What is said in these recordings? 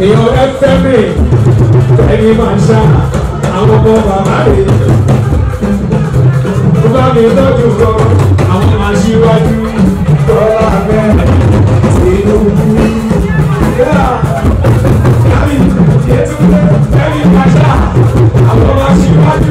èèyàn FM, ẹni máa ń ṣá àwọn ọmọ bàbá rẹ̀ tó bá mi tọ́jú kọ àwọn máa ṣíwájú tọ́lá abẹ́ inú yeah, Yẹ́nì yẹ́nì máa ṣá àwọn máa ṣíwájú.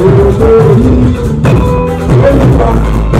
olùkọ́ yìí olùkọ́.